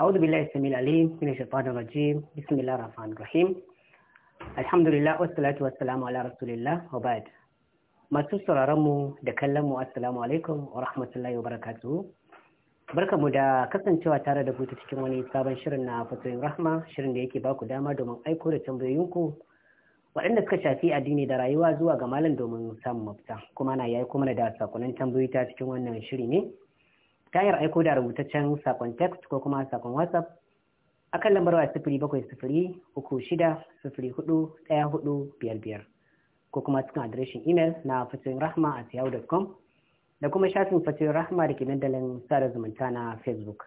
أعوذ بالله السميع العليم من الشيطان الرجيم بسم الله الرحمن الرحيم الحمد لله والصلاة والسلام على رسول الله وبعد masu sauraron mu da kallon mu assalamu alaikum wa rahmatullahi wa barakatuhu da kasancewa tare da ta cikin wani sabon shirin na fatoyin rahma shirin da yake baku dama domin aiko da tambayoyinku waɗanda suka shafi addini da rayuwa zuwa ga malam domin samun mafita kuma na yayi kuma da sakonin tambayoyi ta cikin wannan shiri ne ta hanyar aiko da rubutaccen sakon text ko kuma sakon whatsapp akan lambar waya sifiri bakwai sifiri uku shida sifiri hudu ɗaya hudu biyar biyar ko kuma cikin adireshin imel na fatoyin rahma a tiyau.com da kuma shafin fatoyin rahma da ke dandalin sada zumunta na facebook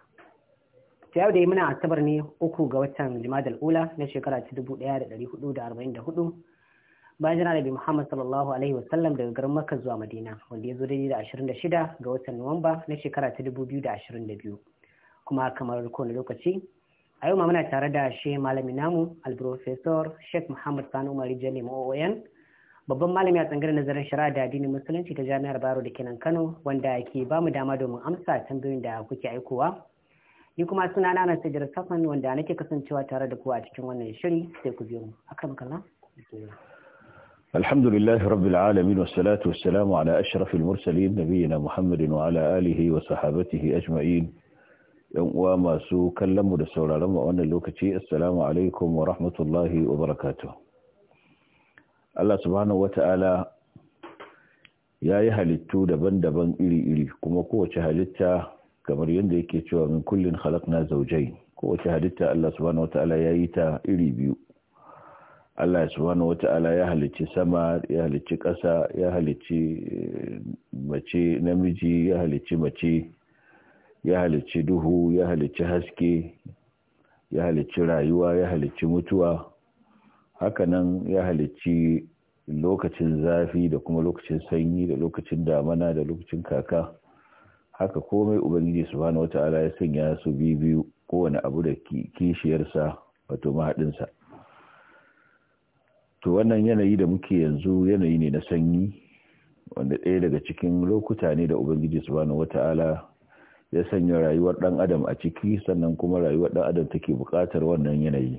ta yau dai muna asabar ne uku ga watan jimadal ula na shekara ta dubu ɗaya da ɗari hudu da arba'in da hudu bayan jana nabi Muhammad sallallahu alaihi wasallam daga garin Makka zuwa Madina wanda ya zo daidai da 26 ga watan Nuwamba na shekara ta 2022 kuma kamar kowane lokaci a yau ma muna tare da shi malami namu al-professor Sheikh Muhammad Sani Umar Jale Mawayan babban malami a tsangar nazarin shari'a da addinin musulunci ta Jami'ar baro da kenan Kano wanda ke ba mu dama domin amsa tambayoyin da kuke aikowa ni kuma suna na na sajar safan wanda nake kasancewa tare da ku a cikin wannan shiri sai ku biyo mu akan kallon الحمد لله رب العالمين والصلاة والسلام على أشرف المرسلين نبينا محمد وعلى آله وصحابته أجمعين وما سو كلم رسول الله وأن اللوكتي السلام عليكم ورحمة الله وبركاته الله سبحانه وتعالى ya yi halittu daban-daban iri-iri kuma kowace halitta kamar yadda yake cewa min kullin khalaqna zawjayn kowace halitta Allah subhanahu wataala ya yi ta iri biyu Allah subhanahu ya halicci sama ya halicci ƙasa ya halicci eh, mace namiji ya halicci mace ya halicci duhu ya halicci haske ya halicci rayuwa ya halicci mutuwa hakanan ya halicci lokacin zafi da kuma lokacin sanyi da lokacin damana da lokacin kaka haka komai ubangiji subhanahu ala ya sanya su bibiyu kowane abu da kishiyarsa wato mahaɗinsa to wannan yanayi da muke yanzu yanayi ne na sanyi wanda ɗaya daga cikin lokuta ne da ubangiji subhanahu wata'ala ya sanya rayuwar ɗan adam a ciki sannan kuma rayuwar ɗan adam take buƙatar wannan yanayi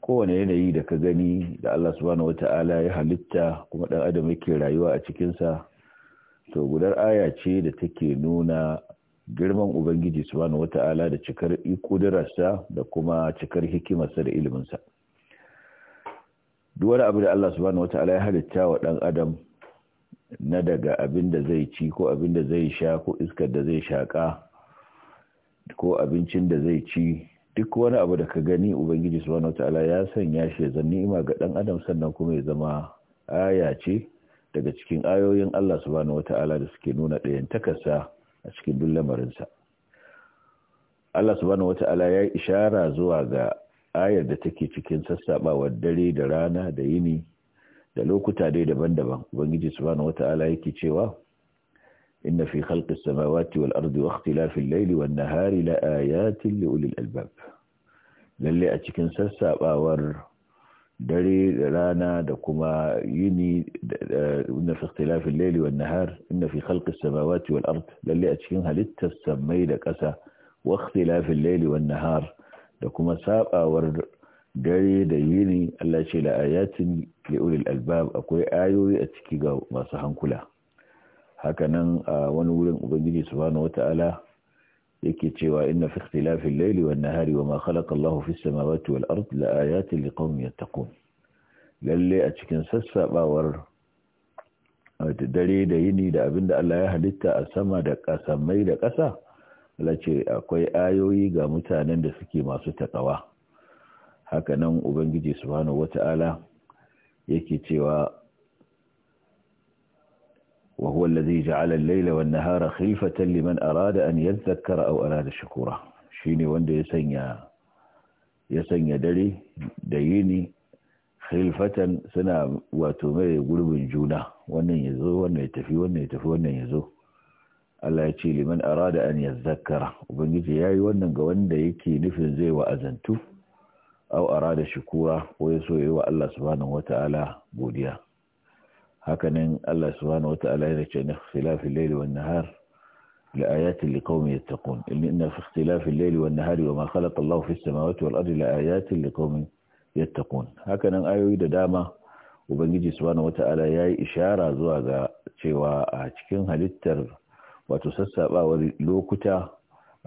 kowane yanayi da ka gani da Allah subhanahu wata'ala ya halitta kuma ɗan adam yake rayuwa a cikinsa to gudar aya ce da take nuna girman ubangiji subhanahu wata'ala da cikar ƙudurarsa da kuma cikar hikimarsa da iliminsa duk wani abu da Allah subhanahu wataala ya halitta wa dan adam na daga abin da zai ci ko abin da zai sha ko iskar da zai shaka ko abincin da zai ci duk wani abu da ka gani ubangiji subhanahu wataala ya sanya shi zan ni'ima ga dan adam sannan kuma ya zama aya ce daga cikin ayoyin Allah subhanahu wataala da suke nuna ɗayan takasa a cikin duk lamarinsa Allah subhanahu wataala ya ishara zuwa ga ayar da take cikin sassaɓawar dare da rana da yini da lokuta dai daban-daban ubangiji subhanahu wata'ala yake cewa inna fi khalqis samawati wal ardi wa ikhtilafil layli wan nahari la ayatin li ulil albab lalle a cikin sassaɓawar dare da rana da kuma yini inna fi ikhtilafil layli wan nahar inna fi khalqis samawati wal ardi lalle a cikin halittar samai da ƙasa wa ikhtilafil layli wan nahar da kuma sabawar dare da yini Allah ce la ayatin li ulil albab akwai ayoyi a ciki ga masu hankula hakanan a wani wurin ubangiji subhanahu wataala yake cewa inna fi ikhtilafil layli wan nahari wama khalaqa Allahu fis samawati wal ardi la ayatin liqaumin yattaqun lalle a cikin sassabawar dare da yini da abinda Allah ya halitta a sama da mai da ƙasa lace akwai ayoyi ga mutanen da suke masu taƙawa haka nan ubangiji subhanahu wata'ala yake cewa wa huwa allazi ja'ala al-layla wan-nahara khilfatan liman arada an yadhakkara aw arada shukura shine wanda ya sanya ya sanya dare da yini khilfatan suna wato mai gurbin juna wannan yazo wannan ya tafi wannan ya tafi wannan yazo Allah ya ce liman arada an yazzakara ubangiji ya yi wannan ga wanda yake nufin zai wa'azantu aw arada shukura ko ya so yayi wa Allah subhanahu ta'ala godiya hakanan Allah subhanahu ta'ala ya ce na khilafil layli wan nahar لآيات لقوم يتقون إن في اختلاف الليل والنهار وما خلق الله في السماوات والأرض لآيات لقوم يتقون هكذا ayoyi da dama ubangiji subhanahu ya yi ishara zuwa ga cewa a cikin halittar wato sassaɓawar lokuta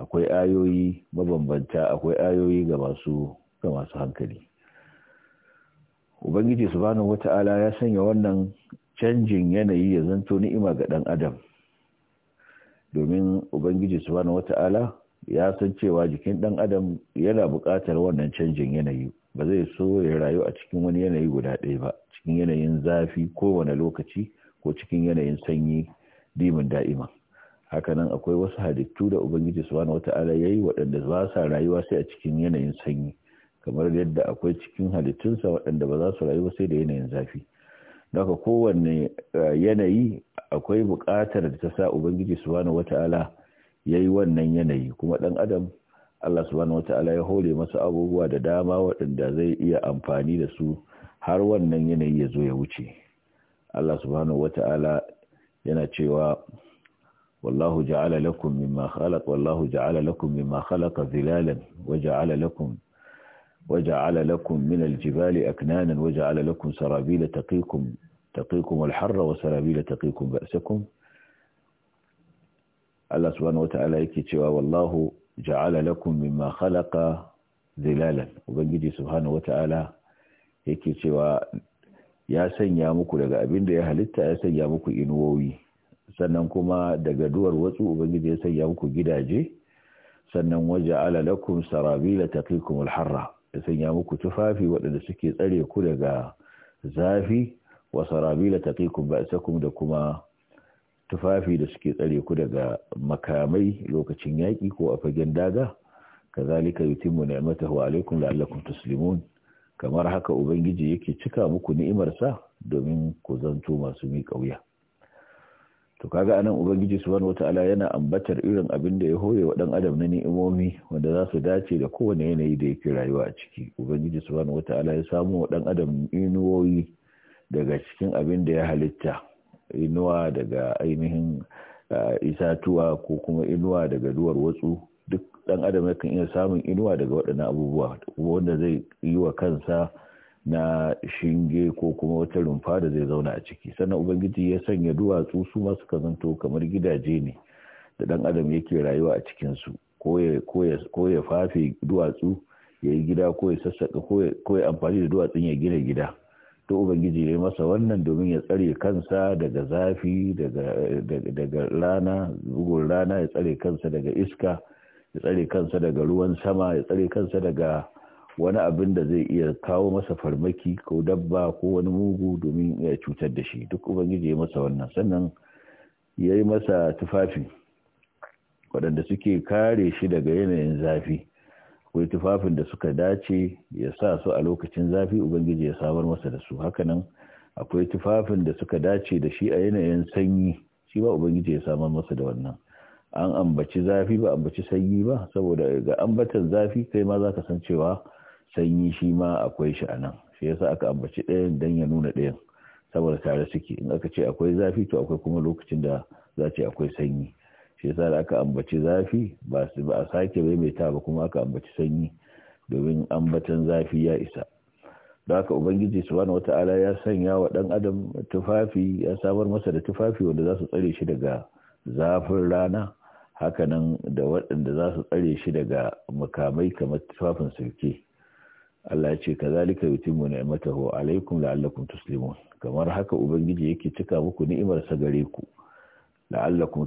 akwai ayoyi mabambanta akwai ayoyi ga masu ga masu hankali ubangiji subhanahu wata'ala ya sanya wannan canjin yanayi ya zanto ni'ima ga ɗan adam domin ubangiji subhanahu wata'ala ya san cewa jikin ɗan adam yana buƙatar wannan canjin yanayi ba zai so ya rayu a cikin wani yanayi guda ɗaya ba cikin yanayin zafi kowane lokaci ko cikin yanayin sanyi dimin da'ima hakanan akwai wasu halittu da ubangiji subhanahu wata'ala yayi waɗanda ba sa rayuwa sai a cikin yanayin sanyi kamar yadda akwai cikin halittunsa waɗanda ba za su rayu sai da yanayin zafi aka kowane eh, yanayi akwai buƙatar da ta sa ubangiji subhanahu wata'ala yayi wannan yanayi kuma ɗan adam Allah subhanahu wata'ala ya hore masa abubuwa da dama waɗanda zai iya amfani da su har wannan yanayi ya zo ya wuce Allah subhanahu wata'ala yana cewa والله جعل لكم مما خلق والله جعل لكم مما خلق ظلالا وجعل لكم وجعل لكم من الجبال أكنانا وجعل لكم سرابيل تقيكم تقيكم الحر وسرابيل تقيكم بأسكم الله سبحانه وتعالى yake والله جعل لكم مما خلق ظلالا وبنجي سبحانه وتعالى wataala يا سن يا مكو لغا daga abin da يا سن يا مكو إنووي sannan kuma daga duwar wasu ubangiji ya sanya muku gidaje sannan waje alalakun sarabila taqikum alharra ya sanya muku tufafi waɗanda suke tsare ku daga zafi wa sarabila taqikum ba'sakum da kuma tufafi da suke tsare ku daga makamai lokacin yaƙi ko a fagen daga kazalika yutimmu ni'matahu alaykum la'allakum tuslimun kamar haka ubangiji yake cika muku ni'imarsa domin ku zanto masu miƙa wuya to kaga anan ubangiji subhanahu wataala yana ambatar irin abin da ya hoye wa dan adam na ni'imomi wanda za su dace da kowane yanayi da yake rayuwa a ciki ubangiji subhanahu wataala ya samu wa dan adam inuwoyi daga cikin abin da ya halitta inuwa daga ainihin eh, isatuwa ko kuma inuwa daga duwar watsu duk dan adam yakan iya samun inuwa daga waɗannan abubuwa wanda zai yi wa kansa na shinge ko kuma wata rumfa da zai zauna a ciki sannan ubangiji ya sanya duwatsu su masu kazanto kamar gidaje ne da dan adam yake rayuwa a cikin su ko ya fafe duwatsu ya yi gida ko ya sassaka ko ya amfani da duwatsun ya gina gida to ubangiji ya yi masa wannan domin ya tsare kansa daga zafi daga rana bugun rana ya tsare kansa daga iska ya tsare kansa daga ruwan sama ya tsare kansa daga wani abin da zai iya kawo masa farmaki ko dabba ko wani mugu domin ya cutar da shi duk ubangiji ya masa wannan sannan ya yi masa tufafi waɗanda suke kare shi daga yanayin zafi akwai tufafin da suka dace ya sa su a lokacin zafi ubangiji ya samar masa da su hakanan akwai tufafin da suka dace da shi a yanayin sanyi shi ba ubangiji ya samar masa da wannan an ambaci zafi ba ambaci sanyi ba saboda ga ambatan zafi kai ma za ka san cewa sanyi shi ma akwai shi a nan shi yasa aka ambaci ɗayan dan ya nuna ɗayan saboda tare suke in aka ce akwai zafi to akwai kuma lokacin da za ce akwai sanyi shi yasa da aka ambaci zafi ba a sake maimaita ba kuma aka ambaci sanyi domin ambatan zafi ya isa don haka ubangiji subhanahu wata'ala ya sanya wa ɗan adam tufafi ya samar masa da tufafi wanda za su tsare shi daga zafin rana hakanan da waɗanda za su tsare shi daga makamai kamar tufafin sirke Allah ya ce kazalika yutimmu ni'matahu alaikum la'allakum tuslimun kamar haka ubangiji yake cika muku ni'imar sa gare ku la'allakum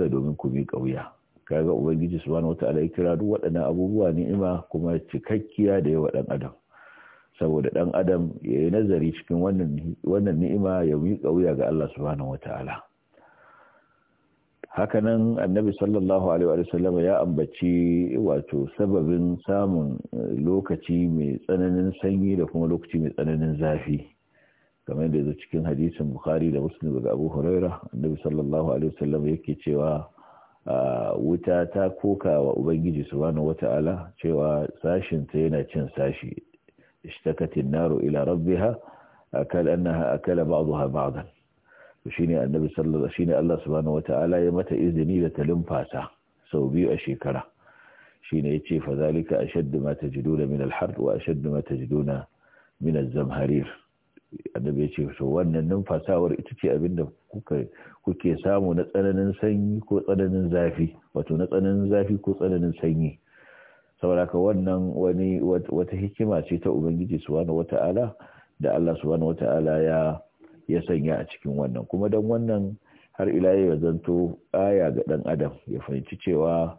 da domin ku bi kauya kaga ubangiji subhanahu wataala ya kira duk waɗannan abubuwa ni'ima kuma cikakkiya da yawa ɗan adam saboda ɗan adam ya yi nazari cikin wannan ni'ima ya yi kauya ga Allah subhanahu wataala hakanan annabi sallallahu alaihi ya ambaci wato sababin samun eh, lokaci mai tsananin sanyi da kuma lokaci mai tsananin zafi kamar da cikin hadisin bukhari da muslim daga abu huraira annabi sallallahu alaihi wasallam yake cewa ah, wuta ta koka wa ubangiji subhanahu wata'ala cewa sashin ta yana cin sashi ishtakatin naru ila rabbiha akal annaha akala ba'daha ba'dan shine annabi sallallahu ne Allah subhanahu wata'ala ya mata izini da ta talimfasa sau biyu a shekara shi ne ya ce fa zalika ashaddu ma tajiduna min al-hard wa ashaddu ma tajiduna min az-zamharir annabi ya yace to wannan numfasawar ita ce abinda kuka kuke samu na tsananin sanyi ko tsananin zafi wato na tsananin zafi ko tsananin sanyi saboda wannan wani wata hikima ce ta ubangiji subhanahu wata'ala da Allah subhanahu wata'ala ya ya sanya a cikin wannan kuma don wannan har ila ya zanto aya ga dan adam ya fahimci cewa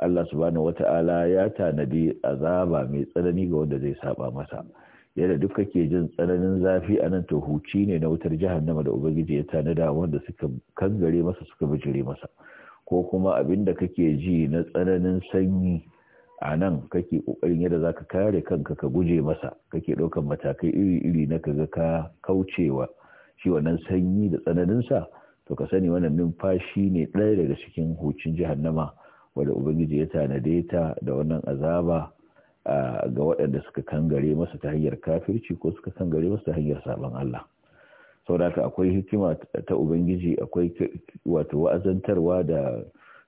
Allah subhanahu wata'ala ya tanadi azaba mai tsanani ga wanda zai saba masa yadda duk kake jin tsananin zafi a nan to huci ne na wutar jahannama da ubangiji ya tanada wanda suka kangare masa suka bijire masa ko kuma abin da kake ji na tsananin sanyi a nan kake kokarin yadda zaka kare kanka ka guje masa kake ɗaukan matakai iri-iri na kaga ka kaucewa shi wannan sanyi da tsananinsa to ka sani wannan numfashi ne ɗaya daga cikin hucin jahannama wanda ubangiji ya tanade ta da wannan azaba ga waɗanda suka kangare masa ta hanyar kafirci ko suka kangare masa ta hanyar saban Allah sau da akwai hikima ta ubangiji akwai wato wa'azantarwa da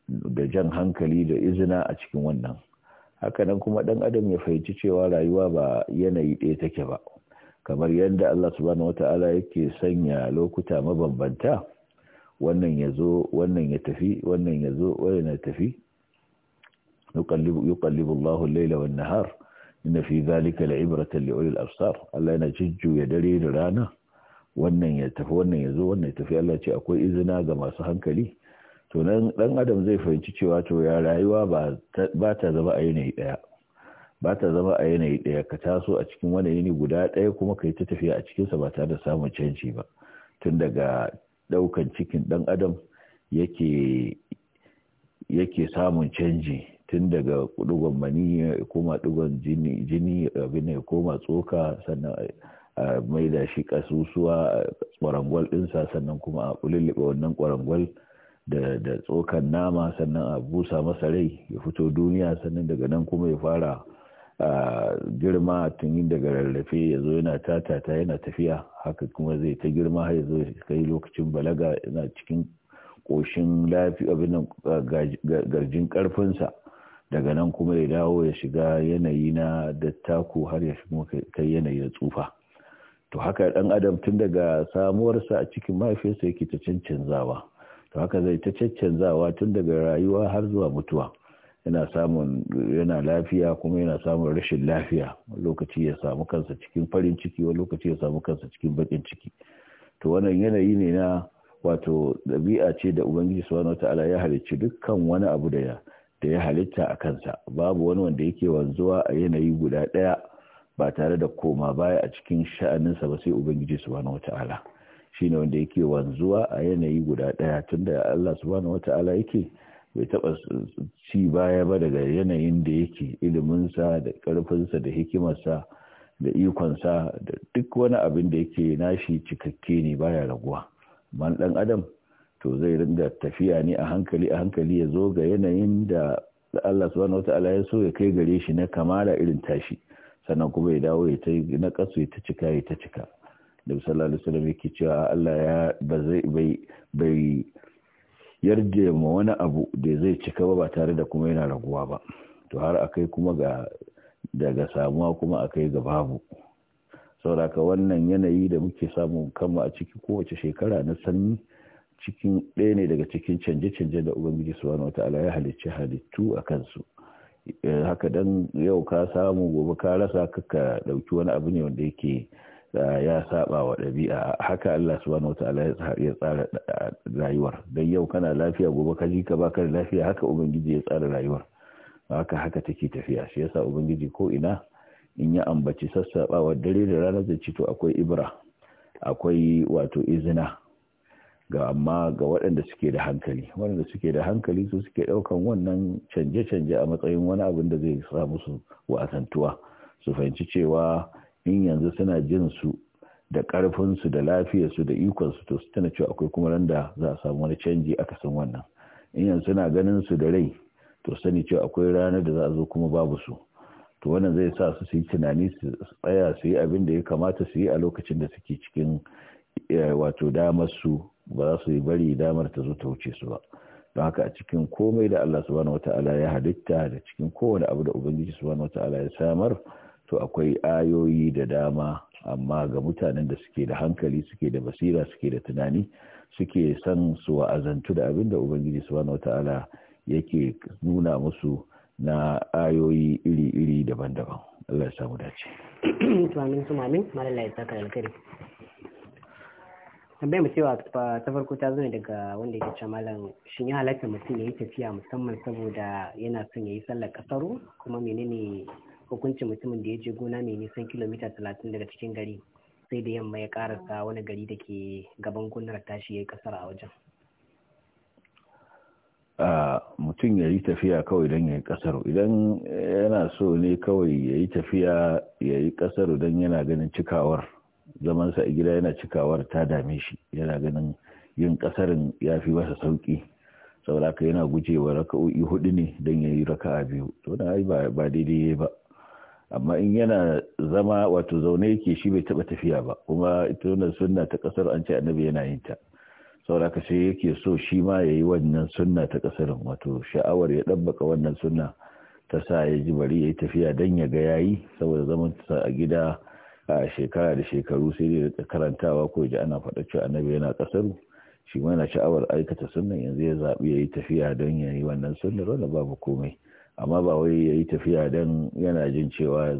da jan hankali da izina a cikin wannan hakanan kuma dan adam ya fahimci cewa rayuwa ba yanayi ɗaya take ba kamar yadda Allah subhanahu ta'ala yake sanya lokuta mabambanta wannan ya zo wannan ya tafi wannan ya zo wannan ya tafi yuqallibu Allahu al-laila wan-nahar inna fi dhalika la'ibratan li ulil absar Allah yana ya dare da rana wannan ya tafi wannan ya zo wannan ya tafi Allah ce akwai izina ga masu hankali to nan dan adam zai fahimci cewa to ya rayuwa ba ta zama a yanayi daya ba ta zama a yanayi daya ka taso a cikin wani yini guda daya kuma ka yi ta tafiya a cikinsa ba tare da samun canji ba tun daga daukan cikin dan adam yake yake samun canji tun daga digon mani ya koma dugon jini abin ya koma tsoka sannan a maida shi kasusuwa kwarangwal dinsa sannan kuma a lulluɓe wannan kwarangwal da tsokan nama sannan a busa masa rai ya fito duniya sannan daga nan kuma ya fara girma tun daga rarrafe ya zo yana tatata yana tafiya haka kuma zai ta girma har ya zo kai lokacin balaga yana cikin ƙoshin lafiya abin garjin ƙarfinsa daga nan kuma ya dawo ya shiga yanayi na taku har ya shigo kai yanayi na tsufa to haka ɗan adam tun daga samuwarsa a cikin mahaifiyarsa yake ta cancanzawa to haka zai ta caccanzawa tun daga rayuwa har zuwa mutuwa yana samun yana lafiya kuma yana samun rashin lafiya lokaci ya samu kansa cikin farin ciki wani lokaci ya samu kansa cikin bakin ciki to wannan yanayi ne na wato ɗabi'a ce da ubangiji subhanahu wataala ya halicci dukkan wani abu da ya halitta a kansa babu wani wanda yake wanzuwa a yanayi guda ɗaya ba tare da koma baya a cikin sha'aninsa ba sai ubangiji subhanahu wataala shine wanda yake wanzuwa a yanayi guda daya tunda Allah subhanahu wata'ala yake bai taba ci baya ba daga yanayin da yake iliminsa da karfinsa da hikimarsa da ikonsa da duk wani abin da yake nashi cikakke ne baya raguwa man dan adam to zai ringa tafiya ne a hankali a hankali ya zo ga yanayin da Allah subhanahu wata'ala ya so ya kai gare shi na kamala irin tashi sannan kuma ya dawo ya ta na kasu ya ta cika ya ta cika da sallallahu alaihi wasallam yake cewa Allah ya ba zai bai bai yarda ma wani abu da zai cika ba ba tare da kuma yana raguwa ba to har akai kuma ga daga samuwa kuma akai ga babu sauraka wannan yanayi da muke samu kanmu a ciki kowace shekara na sanyi cikin ɗaya ne daga cikin canje-canje da ubangiji subhanahu wata'ala ya halicci halittu a kansu eh, haka dan yau ka samu gobe ka rasa ka ɗauki wani abu ne wanda yake ya saba wa ɗabi'a haka Allah subhanahu wataala ya tsara eh, rayuwar don yau kana lafiya gobe ka ji ka baka da lafiya haka ubangiji ya tsara rayuwar haka haka take tafiya shi yasa ubangiji ko ina in ya ambaci wa dare da ranar da cito akwai ibra akwai wato izina ga amma ga waɗanda suke da hankali waɗanda suke da hankali su suke ɗaukan wannan canje-canje a matsayin wani abin da zai sa musu wa'azantuwa su fahimci cewa in yanzu suna jin su da su da lafiyarsu da ikonsu to su tana cewa akwai kuma randa za a samu wani canji aka san wannan in yanzu suna ganin su da rai to sani cewa akwai ranar da za a zo kuma babu su to wannan zai sa su yi tunani su tsaya su yi abin da ya kamata su yi a lokacin da suke cikin eh, wato damar su ba za su yi bari damar ta zo ta wuce su ba don haka a cikin komai da Allah subhanahu wata'ala ya halitta da cikin kowane abu da ubangiji subhanahu wata'ala ya samar to akwai ayoyi da dama amma ga mutanen da suke da hankali suke da basira suke da tunani suke san su wa'azantu da abin da ubangiji subhanahu wataala yake nuna musu na ayoyi iri-iri daban-daban Allah ya samu dace tambayar mu cewa ta farko ta zo daga wanda yake ce malam shin ya halatta mutum ya yi tafiya musamman saboda yana son ya yi sallar kasaro kuma menene hukuncin mutumin da ya je gona mai nisan kilomita talatin daga cikin gari sai da yamma ya karasa wani gari da ke gaban gonar tashi ya yi kasar a wajen mutum ya yi tafiya kawai don ya yi kasar idan yana so ne kawai ya yi tafiya ya yi kasar don yana ganin cikawar zamansa a gida yana cikawar ta dame shi yana ganin yin kasarin ya fi masa sauki sauraka yana gujewa raka'o'i hudu ne don ya yi raka'a biyu to na ba daidai ba amma in yana zama wato zaune yake shi bai taba tafiya ba kuma ita wannan sunna ta kasar an ce annabi yana yin ta sauraka sai yake so shi ma yayi wannan sunna ta kasar wato sha'awar ya dabbaka wannan sunna ta sa ya ji bari yayi tafiya dan ya ga yayi saboda zaman ta a gida a shekara da shekaru sai da karantawa ko ji ana faɗa cewa annabi yana kasar shi ma yana sha'awar aikata sunna yanzu ya zaɓi yayi tafiya don yayi wannan sunnar wanda babu komai amma ba wai ya yi tafiya don yana jin cewa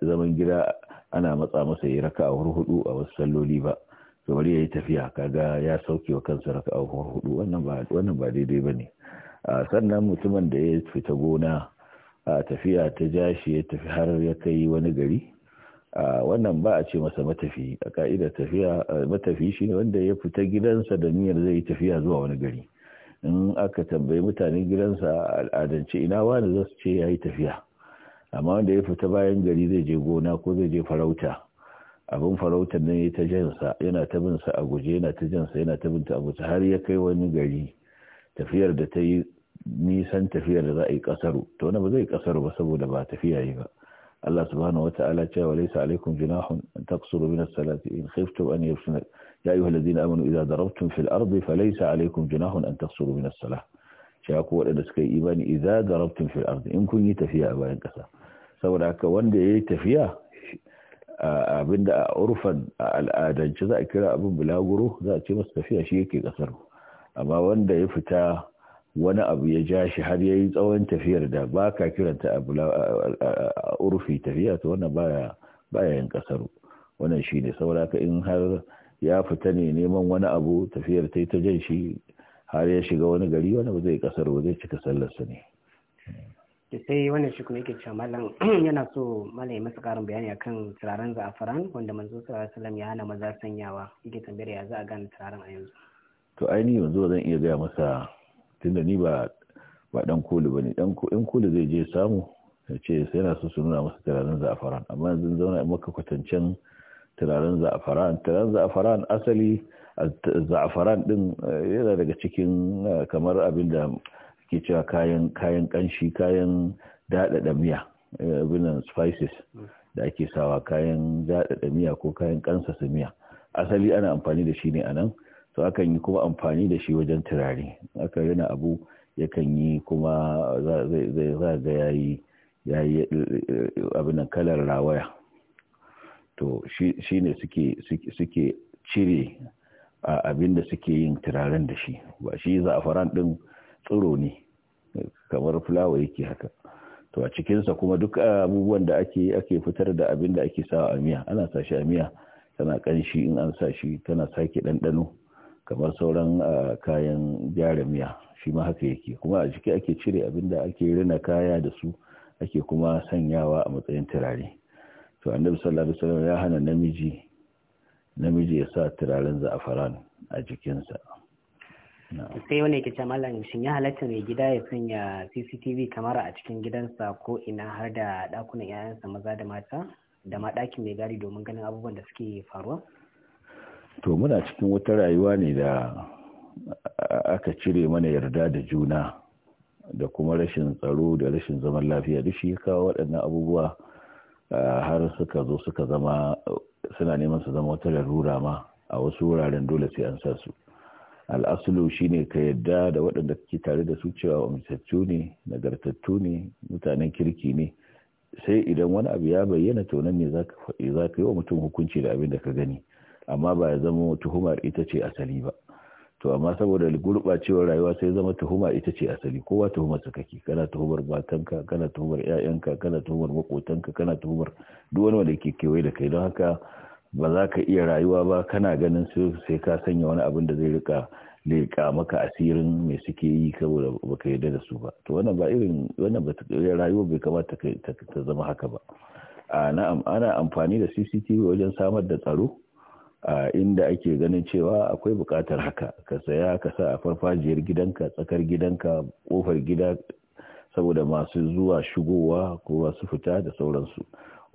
zaman gida ana matsa masa ya raka a hudu a wasu salloli ba to bari ya yi tafiya kaga ya sauke wa kansa raka a hudu wannan ba daidai ba ne sannan mutumin da ya fita gona a tafiya ta ja shi ya tafi har ya kai wani gari wannan ba a ce masa matafi a ka'idar tafiya matafi shine wanda ya fita gidansa da niyyar zai yi tafiya zuwa wani gari in aka tambayi mutane gidansa a al'adance ina wani za su ce ya yi tafiya amma wanda ya fita bayan gari zai je gona ko zai je farauta abin farautar nan ya ta jansa yana ta bin sa a guje yana ta jansa yana ta bin ta a guje har ya kai wani gari tafiyar da ta yi nisan tafiyar da za a yi kasaru to wani ba zai kasaru ba saboda ba tafiya yi ba Allah subhanahu ta'ala cewa laysa alaikum junahun an taqsuru min as-salati in khiftum an yafsunakum ya ayyuhal ladzina amanu idza darabtum fil ardi falaysa alaykum junahun an taqsuru min as-salah ya wadanda suka yi imani idza darabtum fil ardi in kun yi tafiya a bayan kasa saboda haka wanda yayi tafiya abinda a urfan a al'adance za a kira abin bulaguro za a ce masa tafiya shi yake kasar amma wanda ya fita wani abu ya ja shi har yayi tsawon tafiyar da ba ka kiranta a urfi tafiya ta wannan baya baya yin kasar wannan shine saboda haka in har ya fita ne neman wani abu tafiyar ta ta jan shi har ya shiga wani gari wani ba zai kasar ba zai cika sallarsa ne da sai wani shi kuma yake cewa malam yana so malam ya masa karin bayani akan turaren za'afaran wanda manzo sallallahu alaihi ya hana maza sanyawa yake tambayar ya za a gane turaren a yanzu to ainihi yanzu zan iya gaya masa tunda ni ba ba dan kulu bane dan in kulu zai je samu ya ce sai yana so su nuna masa turaren za'afaran amma yanzu zauna in maka kwatancen turaren za'afaran turaren za'afaran asali za'afaran din eh, yana daga cikin eh, kamar abin da ke cewa kayan kayan kanshi kayan daɗaɗa miya eh, abinan spices da ake sawa kayan daɗaɗa miya ko kayan su miya asali ana amfani da shi ne a nan to akan yi kuma amfani da shi wajen turare akan yana abu yakan yi kuma zai za ga yayi yayi nan kalar rawaya to shi ne suke cire abin da suke yin turaren da shi ba shi za'afaran din tsiro ne kamar fulawa yake haka to a cikinsa kuma duk abubuwan da ake ake fitar da abin da ake sawa a miya ana sa shi a miya tana kanshi in an sa shi tana sake ɗanɗano kamar sauran kayan gyara miya shi ma haka yake kuma a jiki ake cire abin da ake rina kaya da su ake kuma sanyawa a matsayin turare to annabi sallallahu alaihi wasallam ya hana namiji namiji ya sa turaren za'afaran a jikinsa sai wani yake ce shin ya halatta mai gida ya sanya CCTV kamara a cikin gidansa ko ina har da dakunan yayansa maza da mata da ma ɗakin mai gari domin ganin abubuwan da suke faruwa to muna cikin wata rayuwa ne da aka cire mana yarda da juna da kuma rashin tsaro da rashin zaman lafiya duk shi kawo waɗannan abubuwa Eh, har suka zo suka zama suna neman su zama wata larura ma a wasu wuraren dole sai an sa su al'asulu shine ka yadda da waɗanda kake tare da su cewa amintattu ne nagartattu ne mutanen kirki ne sai idan wani abu ya bayyana to nan ne ka yi wa mutum hukunci da abin da ka gani amma ba ya zama tuhumar ita ce asali ba to amma saboda gurɓacewar rayuwa sai zama tuhuma ita ce asali kowa tuhuma sa kake kana tuhumar matanka kana tuhumar ƴaƴanka kana tuhumar makotanka kana tuhumar duk wani wanda yake kewaye da kai don haka ba za ka iya rayuwa ba kana ganin sai ka sanya wani abin da zai rika leƙa maka asirin mai suke yi saboda ka yarda da su ba to wannan ba irin wannan ba rayuwa bai kamata ta zama haka ba ana amfani da CCTV wajen samar da tsaro a inda ake ganin cewa akwai bukatar haka ka saya ka sa a farfajiyar gidanka tsakar gidanka kofar gida saboda masu zuwa shigowa ko masu fita da sauransu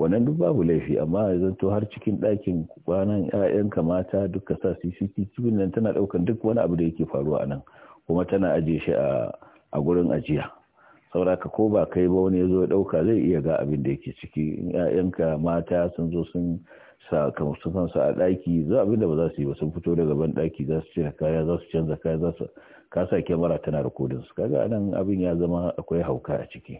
wannan duk babu laifi amma ya zanto har cikin ɗakin kwanan 'ya'yanka mata duk sa cctv nan tana ɗaukan duk wani abu da yake faruwa a nan kuma tana ajiye shi a gurin ajiya ka ko ba kai ba wani ya zo ya ɗauka zai iya ga abin da yake ciki in 'ya'yanka mata sun zo sun sakamakon su kansu a ɗaki za abin da ba za su yi ba sun fito daga ban ɗaki za su cire kaya za su canza kaya za su kasa kyamara tana rikodin su kaga anan abin ya zama akwai hauka a ciki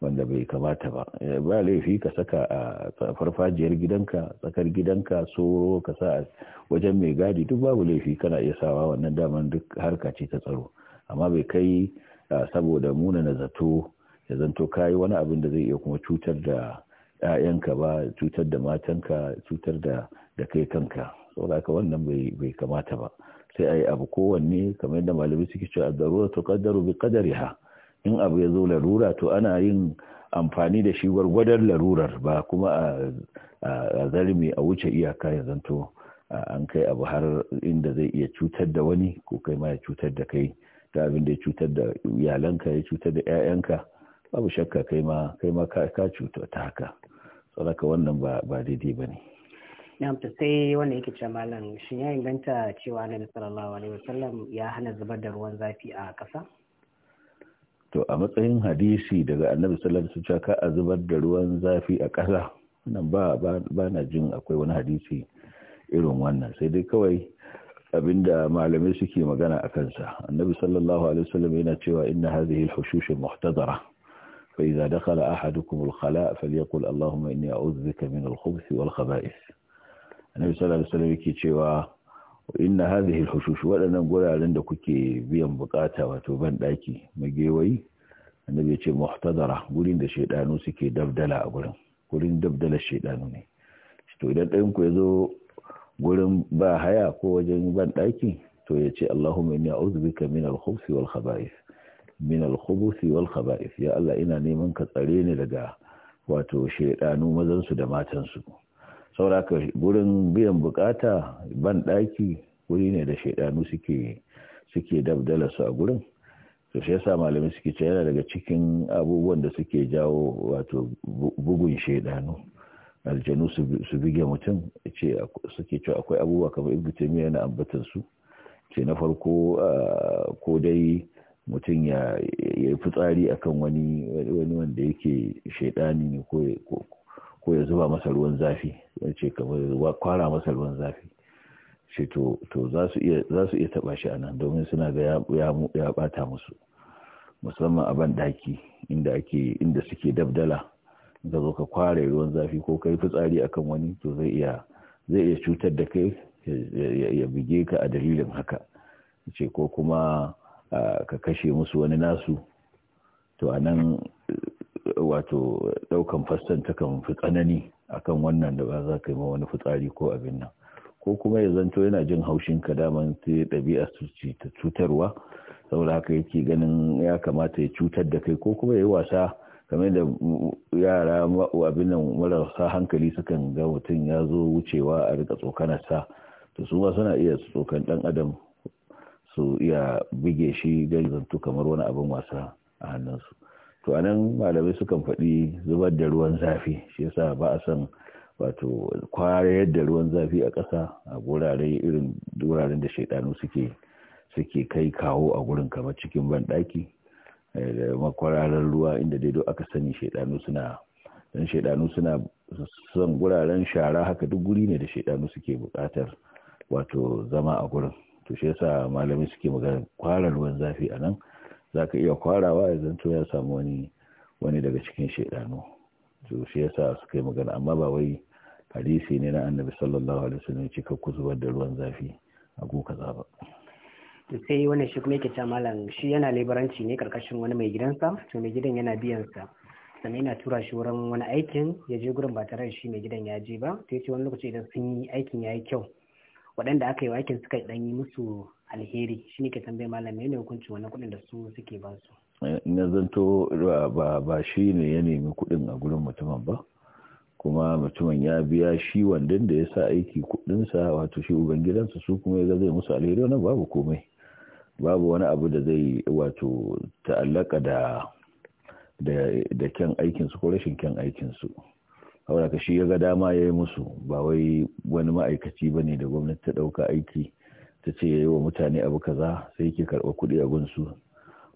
wanda bai kamata ba eh, ba laifi ka saka a farfajiyar gidanka tsakar gidanka soro ka sa a wajen mai gadi duk babu laifi kana iya sawa wannan daman duk harka ce ta tsaro amma bai kai ah, saboda muna na zato ya zanto kayi wani abin da zai iya kuma cutar da 'ya'yanka ba cutar da matanka cutar da kai kanka saboda haka wannan bai kamata ba sai a yi abu kowanne kamar yadda malamai suke cewa darura to kaddaru bi ha in abu ya zo larura to ana yin amfani da shi gwargwadar larurar ba kuma a zalimi a wuce iyaka ya zanto an kai abu har inda zai iya cutar da wani ko kai ma ya cutar da kai ta abin da ya cutar da iyalanka ya cutar da 'ya'yanka babu shakka kai ma ka cuta ta haka saboda wannan ba daidai ba ne na sai wanda yake cewa malam shin ya inganta cewa annabi sallallahu alaihi wasallam ya hana zubar da ruwan zafi a kasa. to a matsayin hadisi daga annabi sallallahu alaihi wasallam ka a zubar da ruwan zafi a kasa nan ba ba na jin akwai wani hadisi irin wannan sai dai kawai abinda malamai suke magana a kansa annabi sallallahu alaihi wasallam yana cewa inna hadhihi al-hushush muhtadara فإذا دخل أحدكم الخلاء فليقل اللهم إني أعوذ بك من الخبث والخبائث النبي صلى الله عليه وسلم yake cewa inna hadhihi alhushush waɗannan guraren da kuke biyan bukata wato ban daki magewayi annabi ya ce muhtadara gurin da shaiɗanu suke dabdala a gurin gurin dabdala shedanu ne to idan ɗayan ku yazo gurin ba haya ko wajen ban to yace ce allahumma inni a'udhu bika min min al wal khaba'ith ya Allah ina neman ka tsare ni daga wato shaydanu mazan su da matan su saboda gurin biyan bukata ban daki wuri ne da shaydanu suke suke dabdala su a gurin to shi yasa malamai suke cewa yana daga cikin abubuwan da suke jawo wato bugun shaidanu aljanu su bige mutum ce suke cewa akwai abubuwa kamar ibnu taymiya yana ambatan su ce na farko ah, ko dai mutum ya yi fitsari akan wani wani wanda yake shaidani ne ko ya zuba masa ruwan zafi ce kamar kwara masa ruwan zafi ce to za su iya taɓa shi a nan domin suna ga ya ɓata musu musamman a ban inda suke dabdala da zo ka kware ruwan zafi ko kai fitsari akan wani to zai iya zai iya cutar da kai ya buge ka a dalilin haka ce ko kuma ka kashe musu wani nasu to a nan wato ɗaukan fastan takan fi tsanani akan wannan da ba za ka yi wani fitsari ko abin nan ko kuma ya zanto yana jin haushin ka daman sai ɗabi'a su ta cutarwa saboda haka yake ganin ya kamata ya cutar da kai ko kuma ya yi wasa kamar da yara abin nan marasa hankali sukan ga mutum ya zo wucewa a rika tsokanarsa to su ma suna iya tsokan ɗan adam su iya buge shi don zantu kamar wani abin wasa a hannunsu to a nan malamai sukan faɗi zubar da ruwan zafi shi yasa ba a son wato kwarayar da ruwan zafi a ƙasa a gurare irin wuraren da shaidanu suke suke kai kawo a gurin kamar cikin banɗaki eh, da makwararren ruwa inda dai aka sani shaidanu suna don shaidanu suna son guraren shara haka duk guri ne da shaidanu suke buƙatar wato zama a gurin to shi yasa malami suke magana kwara ruwan zafi a nan za ka iya kwarawa a zanto ya samu wani wani daga cikin shaidanu to shi yasa suka yi magana amma ba wai hadisi ne na annabi sallallahu alaihi wasallam cika ku zubar da ruwan zafi a go kaza ba to sai wannan shi kuma yake cewa malam shi yana lebaranci ne karkashin wani mai gidansa to mai gidan yana biyan sa sannan yana tura shi wurin wani aikin ya je gurin ba tare da shi mai gidan ya je ba to yace wani lokaci idan sun yi aikin ya yi kyau waɗanda aka yi wakin suka ɗan yi musu alheri shi ne ke bai malam ne hukuncin wani kuɗin da su suke ba su. Ina zanto ba ba shi ne ya nemi kuɗin a gurin mutumin ba kuma mutumin ya biya shi wandan da ya sa aiki kuɗinsa wato shi uban gidansa su kuma ya zai musu alheri wannan babu komai babu wani abu da zai wato ta'allaka da da kyan aikinsu ko rashin kyan aikinsu. haura ka shi ya ga dama ya yi musu ba wai wani ma'aikaci ba ne da gwamnati ta ɗauka aiki ta ce ya yi wa mutane abu kaza sai ke karɓa kuɗi a gunsu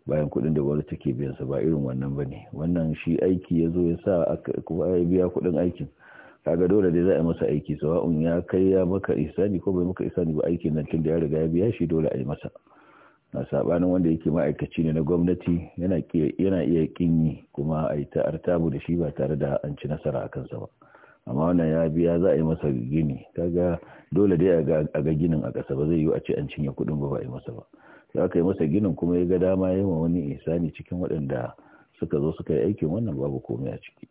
bayan kuɗin da gwamnati take biyan sa ba irin wannan ba ne wannan shi aiki ya zo ya sa kuma biya kuɗin aikin kaga dole dai za a masa aiki sawa'un ya kai ya maka isani ko bai maka isani ba aikin nan tun da ya riga ya biya shi dole a yi masa na sabanin wanda yake ma'aikaci ne na gwamnati yana iya kinyi kuma a yi ta'artabu da shi ba tare da an ci nasara a kansa ba amma wannan ya biya za a yi masa gini kaga dole dai a ga ginin a ƙasa ba zai yi a ce an cinye kuɗin ba ba a yi masa ba sai aka yi masa ginin kuma ya ga dama yi wa wani ihsani cikin waɗanda suka zo suka yi aikin wannan babu komai a ciki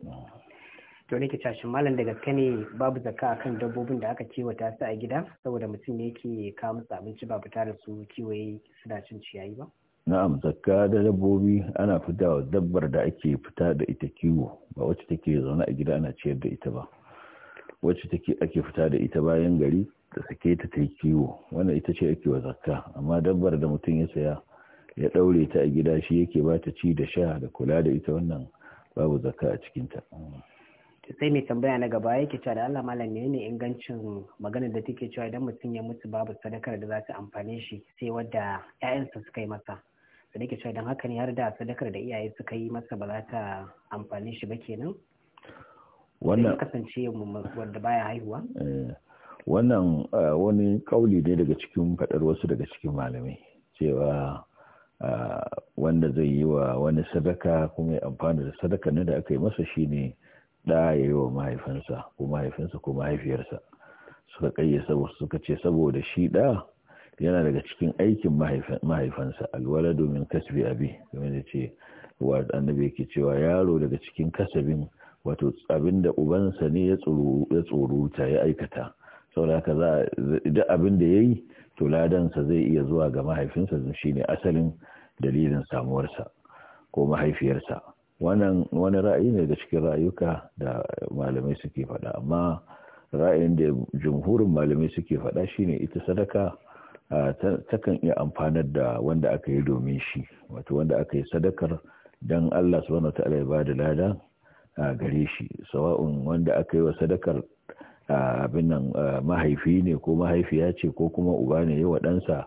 to nake cashe malam da gaske ne babu zakka akan dabbobin da aka kiwata su a gida saboda mutum ne yake kawo abinci ba fita da su kiwaye suna cin ciyayi ba na'am zakka da dabbobi ana fita wa dabbar da ake fita da ita kiwo ba wacce take zaune a gida ana ciyar da ita ba wacce take ake fita da ita bayan gari da sake ta ta kiwo wannan ita ce ake wa zakka amma dabbar da mutum ya saya ya ɗaure ta a gida shi yake ba ta ci da sha da kula da ita wannan babu zakka a cikinta. sai mai tambaya na gaba yake cewa da Allah malam ne ne ingancin maganar da take cewa idan mutum ya mutu babu sadakar da za ta amfane shi sai wadda ƴaƴansa suka yi masa da nake cewa idan haka ne har da sadakar da iyaye suka yi masa ba za ta amfane shi ba kenan wannan kasance wanda baya haihuwa eh, wannan eh, wani kauli ne daga cikin fadar wasu daga cikin malamai cewa eh, wanda zai yi wa wani sadaka kuma ya amfana da sadaka ne da aka yi masa shine da ya yi wa mahaifinsa ko mahaifinsa ko mahaifiyarsa suka kayyasa suka ce saboda shi da yana daga cikin aikin mahaifansa alwala domin kasbi abi domin da ce wa annabi yake cewa yaro daga cikin kasabin wato abin da ubansa ne ya tsoruta ya aikata saboda haka za a abin da ya yi to ladansa zai iya zuwa ga mahaifinsa shine asalin dalilin samuwarsa ko mahaifiyarsa wannan wani ra'ayi ne da cikin rayuka da malamai suke faɗa amma ra'ayin da jumhurin malamai suke faɗa shine ita sadaka takan iya amfanar da wanda aka yi domin shi wato wanda aka yi sadakar don Allah subhanahu ta'ala ya bada lada a gare shi sawa'un wanda aka yi wa sadakar abin nan mahaifi ne ko mahaifiya ce ko kuma uba ne ya wa ɗansa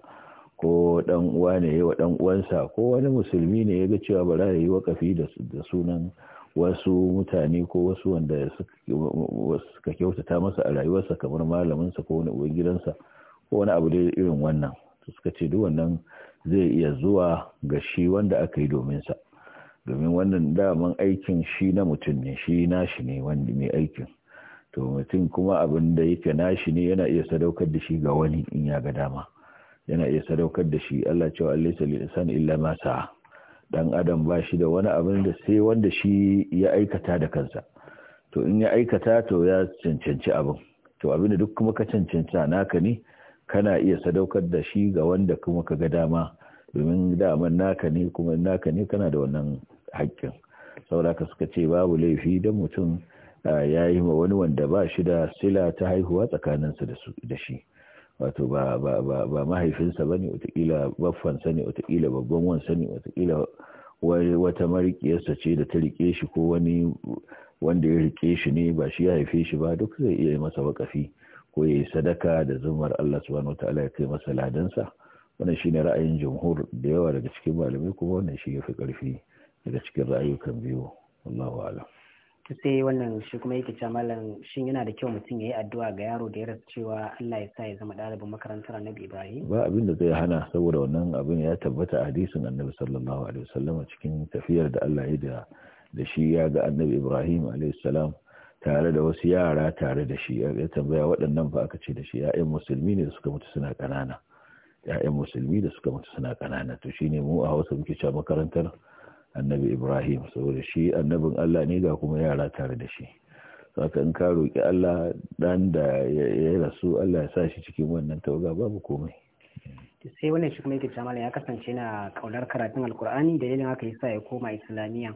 ko dan uwa ne yawa dan uwansa ko wani musulmi ne ya ga cewa bara ya yi wakafi da sunan wasu mutane ko wasu wanda suka kyautata masa a rayuwarsa kamar malaminsa ko wani uwan ko wani abu dai irin wannan suka ce duk wannan zai iya zuwa ga shi wanda aka yi domin sa domin wannan daman aikin shi na mutum ne shi nashi ne wanda mai aikin to mutum kuma abin da yake nashi ne yana iya sadaukar da shi ga wani in ya ga dama yana iya sadaukar da shi Allah cewa alaysa lil insani illa ma sa'a dan adam ba shi da wani abin da sai wanda shi ya aikata da kansa to in ya aikata to ya cancanci abin to abin da duk kuma ka cancanta naka ne kana iya sadaukar da shi ga wanda kuma ka ga dama domin daman naka ne kuma naka ne kana da wannan haƙƙin saboda ka suka ce babu laifi don mutum ah, ya yi ma wani wanda ba shi da sila ta haihuwa tsakaninsa da shi wato ba ba ba ba mahaifinsa bane wataƙila baffansa ne wataƙila babban wansa ne wataƙila wata marikiyarsa ce da ta rike shi ko wani wanda ya rike shi ne ba shi ya haife shi ba duk zai iya masa wakafi ko ya yi sadaka da zumar Allah subhanahu wataala ya kai masa ladansa wannan shine ra'ayin jumhur da yawa daga cikin malamai kuma wannan shi yafi karfi daga cikin ra'ayukan biyu wallahu a'lam ta sai wannan shi kuma yake cewa malam shin yana da kyau mutum ya yi addu'a ga yaro da ya rasu cewa Allah ya sa ya zama ɗalibin makarantar Annabi Ibrahim ba abin da zai hana saboda wannan abin ya tabbata a hadisin Annabi sallallahu alaihi wasallam cikin tafiyar da Allah ya da da shi ya ga Annabi Ibrahim alaihi salam tare da wasu yara tare da shi ya tambaya waɗannan ba aka ce da shi ya'yan musulmi ne da suka mutu suna ƙanana ya'yan musulmi da suka mutu suna ƙanana to shine mu a Hausa muke cewa makarantar annabi ibrahim saboda shi annabin allah ne ga kuma yara tare da shi saka in ka roƙi allah dan da ya rasu allah ya sa shi cikin wannan tawaga babu komai sai wannan shi kuma yake jamala ya kasance na kaunar karatun alkur'ani dalilin haka sa ya koma islamiyya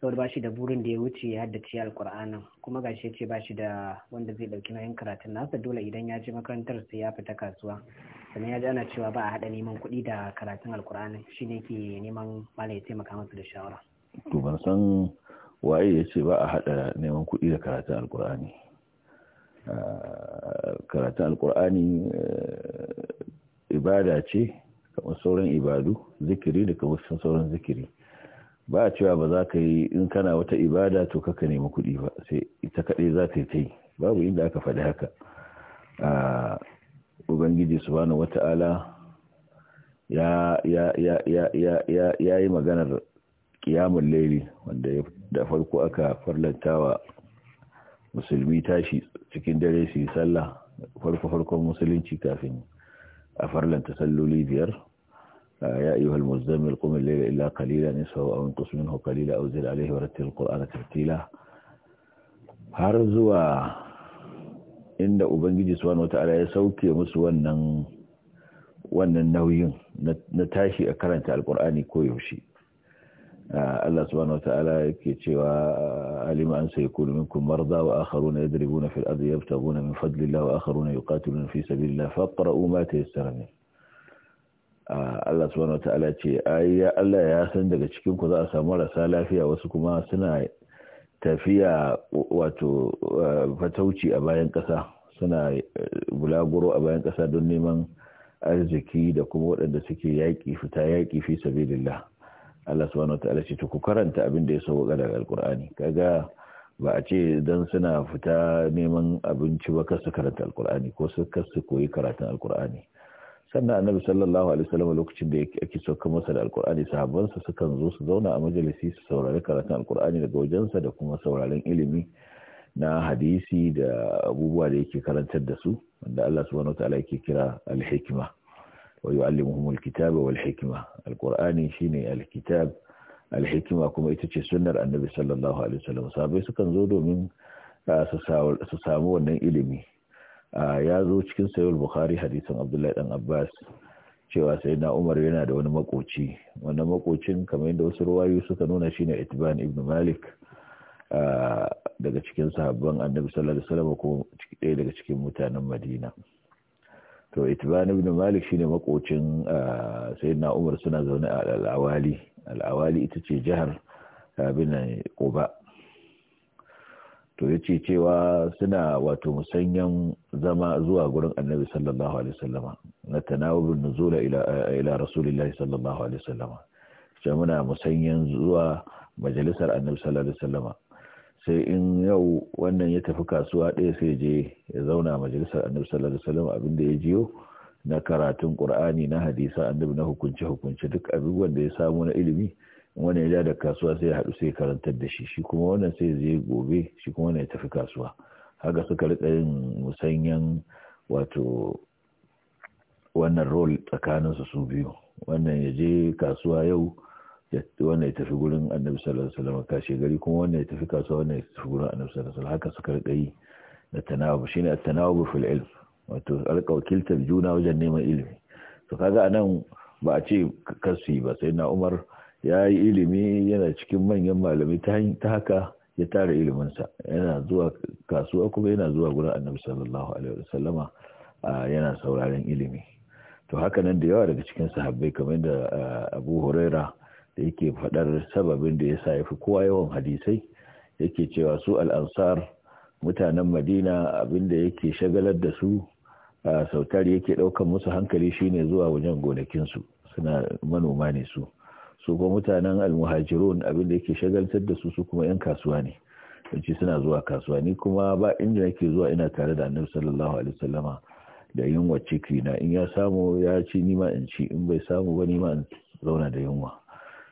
saboda bashi da burin da ya wuce ya haddace alkur'anin kuma gashi shi ce bashi da wanda zai dauki mayan karatun nasa dole idan ya je makarantar sai ya fita kasuwa sannan ya ji cewa ba a haɗa neman kuɗi da karatun alkur'ani shi ne ke neman malai taimaka masa da shawara to ban san waye ya ce ba a haɗa neman kuɗi da karatun alkur'ani ah, karatun alkur'ani eh, ibada ce kamar sauran ibadu zikiri da kamar sauran zikiri ba a cewa ba za ka yi in kana wata ibada to kaka nemi kuɗi ba sai ita kaɗai za ta yi ta yi babu inda aka faɗi haka ah, ubangiji subhanahu wata'ala ya ya ya yi maganar kiyamun laili wanda da farko aka farlantawa musulmi tashi cikin dare su yi sallah farko farkon musulunci kafin a farlanta salloli biyar ya yi almuzammil qum kuma layla illa qalila nisfahu aw inqus minhu qalila aw zid alaihi wa kur'an qur'ana tartila har zuwa inda ubangiji subhanahu wataala ya sauke musu wannan wannan nauyin na tashi a karanta alkur'ani koyaushe ah, Allah subhanahu wataala yake cewa alima ah, an sayakunu minkum marda wa akharuna na fil ardi yabtaghuna min fadlillah wa akharuna yuqatiluna fi sabilillah faqra'u ma tayassara min ah, Allah subhanahu wataala ce ai Allah ya san daga cikin ku za a samu rasa lafiya wasu kuma suna tafiya wato eh, fatauci a bayan ƙasa suna eh, bulaguro a bayan ƙasa don neman arziki da kuma waɗanda suke yaƙi fita yaƙi fi sabilillah Allah subhanahu wataala ce to ku karanta abin da ya sauka daga alkur'ani kaga ba a ce dan suna fita neman abinci ba kasu karanta alkur'ani ko su kasu koyi karatun alkur'ani sannan annabi sallallahu alaihi wasallam lokacin da yake saukar masa da alkur'ani sahabansa sukan zo su zauna a majalisi su saurari karatun alkur'ani daga wajensa da kuma sauraron ilimi na hadisi da abubuwa da yake karantar da su wanda Allah subhanahu wataala yake kira al-hikma wa yu'allimuhum al-kitaba wal hikma alkur'ani shine al-kitab al-hikma kuma ita ce sunnar annabi sallallahu alaihi wasallam sahabbai sukan zo domin ah, su samu wannan ilimi ya zo cikin sayul bukhari hadisin abdullahi dan abbas cewa sai na umar yana da wani makoci wani makocin kamar yadda wasu ruwayu suka nuna shine itban ibn malik daga cikin sahabban annabi sallallahu alaihi wasallam ko ɗaya daga cikin mutanen madina to itban ibn malik shine makocin na umar suna zaune a al'awali al'awali ita ce jihar binan quba to yace cewa suna wato musanyan zama zuwa gurin annabi sallallahu alaihi wasallama na tanawubun nuzula ila ila rasulillahi sallallahu alaihi wasallama ce muna musanyan zuwa majalisar annabi sallallahu alaihi wasallama sai in yau wannan ya tafi kasuwa ɗaya sai je ya zauna majalisar annabi sallallahu alaihi wasallama abinda ya jiyo na karatun qur'ani na hadisa annabi na hukunce hukunce duk abin wanda ya samu na ilimi wani ya ja da kasuwa sai ya haɗu sai karantar da shi shi kuma wannan sai zai gobe shi kuma wannan ya tafi kasuwa haka suka riƙa yin musanyen wato wannan rol tsakaninsu su biyu wannan ya je kasuwa yau wannan ya tafi gurin annabi sallallahu alaihi wasallam kashe gari kuma wannan ya tafi kasuwa wannan ya tafi gurin annabi sallallahu alaihi wasallam haka suka riƙa yi da tanawu shine at tanawu fil ilm wato alƙa wakiltar juna wajen neman ilimi to kaga anan ba a ce kasu ba sai na Umar ya yi ilimi yana cikin manyan malami ta haka ya tara iliminsa yana zuwa kasuwa kuma yana zuwa gudun annabi sallallahu alaihi wasallama yana sauraren ilimi to haka nan da yawa daga cikin sahabbai kamar da abu huraira da yake faɗar sababin da ya sa ya fi kowa yawan hadisai yake cewa su al'ansar mutanen madina abinda yake shagalar da su sautar yake ɗaukar musu hankali shine zuwa wajen gonakinsu suna manoma ne su su kuma mutanen almuhajirun abin da yake shagaltar da su su kuma yan kasuwa ne yace suna zuwa kasuwa ni kuma ba inda nake zuwa ina tare da annabi sallallahu alaihi wasallama da yunwa ciki na in ya samu ya ci ni in ci in bai samu ba ni ma in zauna da yunwa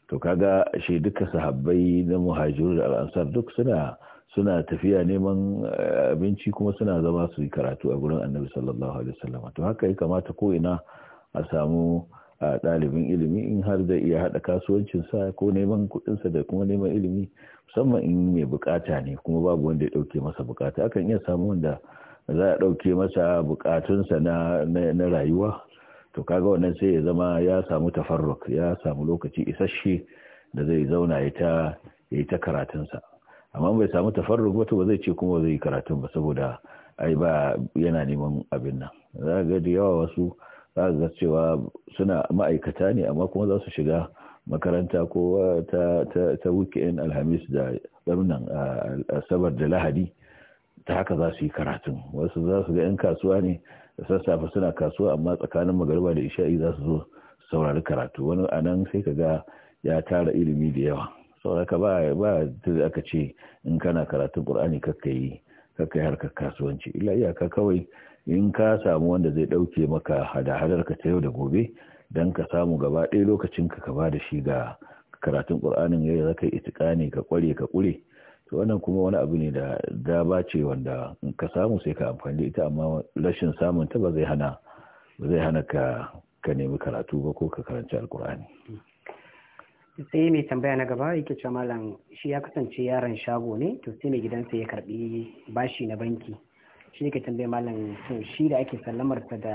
to kaga shi duka sahabbai na muhajiru da al'ansar duk suna suna tafiya neman eh, abinci kuma suna zama su yi karatu a gurin annabi sallallahu alaihi wasallama to haka ya kamata ko ina a samu a ɗalibin ilimi in har zai iya haɗa kasuwancin sa ko neman kuɗinsa da kuma neman ilimi musamman in mai bukata ne kuma babu wanda ya ɗauke masa bukata akan iya samu wanda za a ɗauke masa bukatunsa na rayuwa to kaga wannan sai ya zama ya samu tafarruk ya samu lokaci isasshe da zai zauna ya ta yi ta karatunsa amma bai samu tafarruk ba to ba zai ce kuma zai yi karatun ba saboda ai ba yana neman abin nan za ga da yawa wasu za ga cewa suna ma'aikata ne amma kuma za su shiga makaranta ko ta ta ta alhamis da ɗarnan asabar da lahadi ta haka za su yi karatun wasu za su ga 'yan kasuwa ne da sassafe suna kasuwa amma tsakanin magariba da isha'i za su zo saurari karatu wani a nan sai ka ga ya tara ilimi da yawa sauraka ba ba da aka ce in kana karatun ƙur'ani kakka yi kakka yi harkar kasuwanci illa iyaka kawai in ka samu wanda zai ɗauke maka hada-hadar ka ta yau da gobe don ka samu gaba ɗaya lokacin ka ba da shi ga karatun ƙur'anin yau za ka yi itikani ka ƙware ka ƙure to wannan kuma wani abu ne da gaba ce wanda in ka samu sai ka amfani da ita amma rashin samun ta ba zai hana ba zai hana ka ka nemi karatu ba ko ka karanci alƙur'ani. sai mai tambaya na gaba yake cewa malam shi ya kasance yaron shago ne to sai mai gidansa ya karbi bashi na banki shi ka tambaye malam to shi da ake sallamar ta da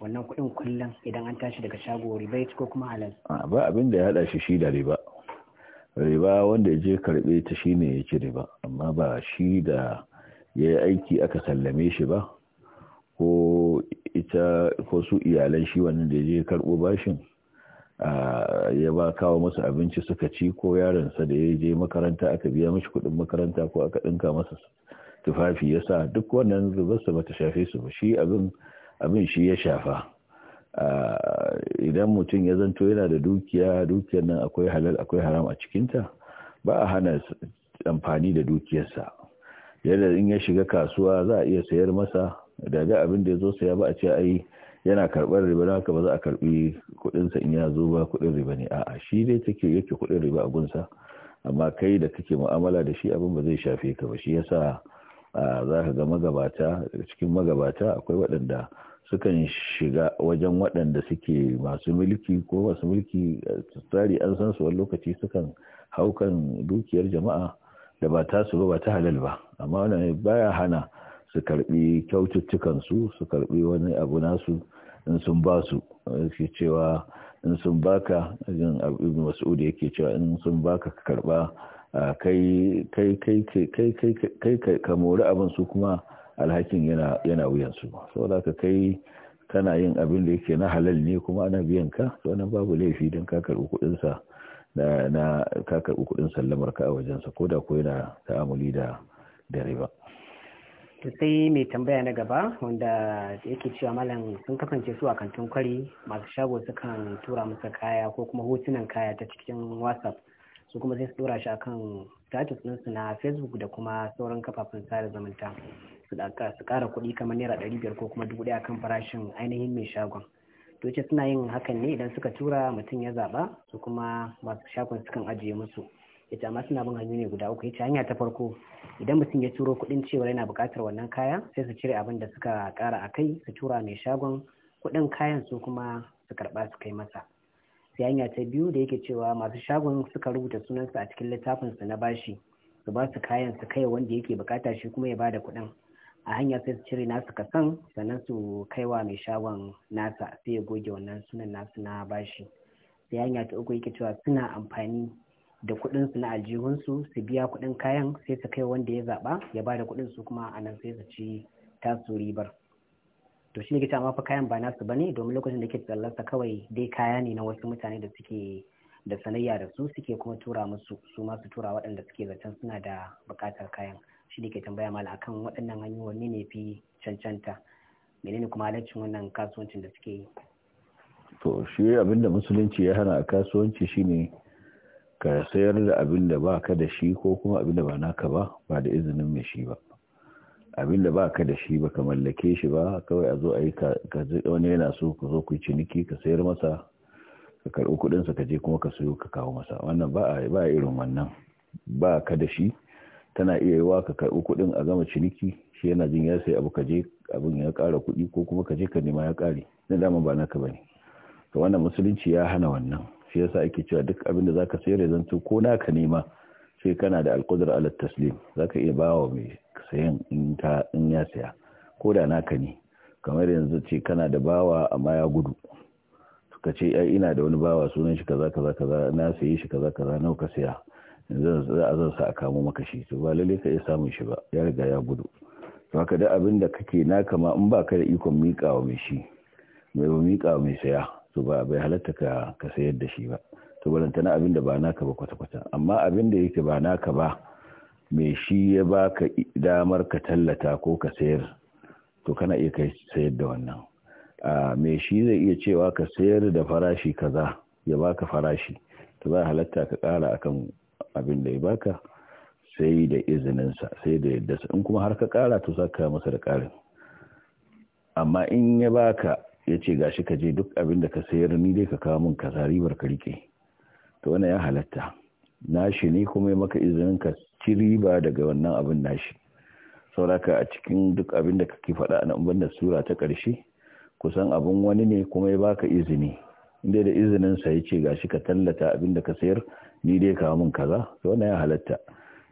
wannan kuɗin kullum idan an tashi daga shago riba ko kuma halal ba abin da ya haɗa shi shi da riba riba wanda ya je karbe ta shine ya ci riba amma ba shi da ya yi aiki aka sallame shi ba ko ita ko su iyalan shi wannan da ya je karbo bashin ya ba kawo masu abinci suka ci ko yaransa da ya je makaranta aka biya mashi kudin makaranta ko aka dinka masa tufafi ya sa duk wannan zubarsa bata shafe su ba shi abin shi ya shafa idan mutum ya zanto yana da dukiya dukiyar nan akwai halal akwai haram a cikinta ba a hana amfani da dukiyarsa yadda in ya shiga kasuwa za a iya sayar masa daga abin da ya zo saya ba a ce ai yana karɓar riba na haka ba za a karɓi kuɗinsa in ya zo ba kuɗin riba ne a'a shi dai take yake kuɗin riba a gunsa amma kai da kake mu'amala da shi abin ba zai shafe ka ba shi yasa za ka ga magabata cikin magabata akwai waɗanda sukan shiga wajen waɗanda suke masu mulki ko masu mulki tsari an san su wani lokaci sukan haukan dukiyar jama'a da ba ta su ba ta halal ba amma wannan baya hana su karbi kyaututtukan su su karbi wani abu nasu in sun ba su cewa in sun baka yake cewa in sun baka ka karba kai kai ka mori abin su kuma alhakin yana wuyansu sau da ka kai kana yin abin da yake na halal ne kuma ana biyan ka to nan babu laifi don ka karbi kuɗin sa na ka karbi sallamar ka a wajen sa koda ko yana ta'amuli da da riba to sai mai tambaya na gaba wanda yake cewa malam sun kasance su a kantin kwari masu shago sukan tura masa kaya ko kuma hotunan kaya ta cikin whatsapp su kuma sai su tura shi akan status ɗinsu na facebook da kuma sauran kafafen sada zumunta su ƙara kuɗi kamar naira ɗari biyar ko kuma dubu ɗaya kan farashin ainihin mai shagon to ce suna yin hakan ne idan suka tura mutum ya zaɓa su kuma masu shagon sukan ajiye musu ya ce suna bin hanyoyi guda uku ya ce hanya ta farko idan mutum ya turo kudin cewa yana bukatar wannan kaya sai su cire abin da suka kara a kai su tura mai shagon kudin kayan su kuma su karɓa su kai masa sai hanya ta biyu da yake cewa masu shagon suka rubuta sunansu a cikin littafinsu na bashi su ba su kayan su kai wanda yake bukata shi kuma ya bada kudin a hanya sai su cire nasu kasan sannan su kaiwa mai shagon nasa sai ya goge wannan sunan nasu na bashi sai hanya ta uku yake cewa suna amfani da kuɗinsu na aljihunsu su biya kuɗin kayan sai su kai wanda ya zaɓa ya ba da kuɗin su kuma a nan sai su ci tasu ribar to shi ne ke fa kayan ba nasu bane domin lokacin da ke tsallarsa kawai dai kaya ne na wasu mutane da suke da sanayya da su suke kuma tura musu su ma su tura waɗanda suke zaton suna da buƙatar kayan shi ne ke tambaya mala akan waɗannan hanyoyin ne fi cancanta menene kuma halaccin wannan kasuwancin da suke yi to shi abinda musulunci ya hana a kasuwanci shine ka sayar da abin da ba ka da shi ko kuma abin da ba naka ba ba da izinin mai shi ba abin da ba ka da shi ba ka mallake shi ba kawai a zo a yi ka wani yana so ka zo ku yi ciniki ka sayar masa ka karɓi kuɗinsa ka je kuma ka sayo ka kawo masa wannan ba a ba irin wannan ba ka da shi tana iya yiwa ka karɓi kuɗin a gama ciniki shi yana jin ya sai abu ka je abin ya kara kuɗi ko kuma ka je ka nema ya ƙare na dama ba naka ba ne to wannan musulunci ya hana wannan shi yasa ake cewa duk abin da zaka sayar ya zanto ko naka nema sai kana da alqudra ala taslim zaka iya bawa mai sayan in ya saya ko da naka ne kamar yanzu ce kana da bawa amma ya gudu suka ce ai ina da wani bawa sunan shi kaza kaza kaza na sayi shi kaza kaza nawa ka saya yanzu za a zan sa a kamo maka shi to ba lalle ka iya samun shi ba ya riga ya gudu to haka da abin da kake naka ma in ba ka da ikon miƙawa mai shi mai ba mai saya to ba bai halatta ka ka sayar da shi ba to balantana abin da ba naka ba kwata-kwata amma abin da yake ba naka ba me shi ya baka damar ka tallata ko ka sayar to kana iya kai sayar da wannan me shi zai iya cewa ka sayar da farashi kaza ya baka farashi to za halatta ka kara akan abin da ya baka sai da izininsa sai da yadda in kuma har ka kara to saka masa da karin amma in ya baka ya ce gashi ka je duk abin da ka sayar ni dai ka kawo min kaza ribar ka rike to wannan ya halatta nashi ne kuma ya maka izinin ka ci riba daga wannan abin nashi sauraka a cikin duk abin da kake faɗa a nan sura ta ƙarshe kusan abin wani ne kuma ya baka izini inda da izinin sa ya ce gashi ka tallata abin da ka sayar ni dai kawo min kaza to wannan ya halatta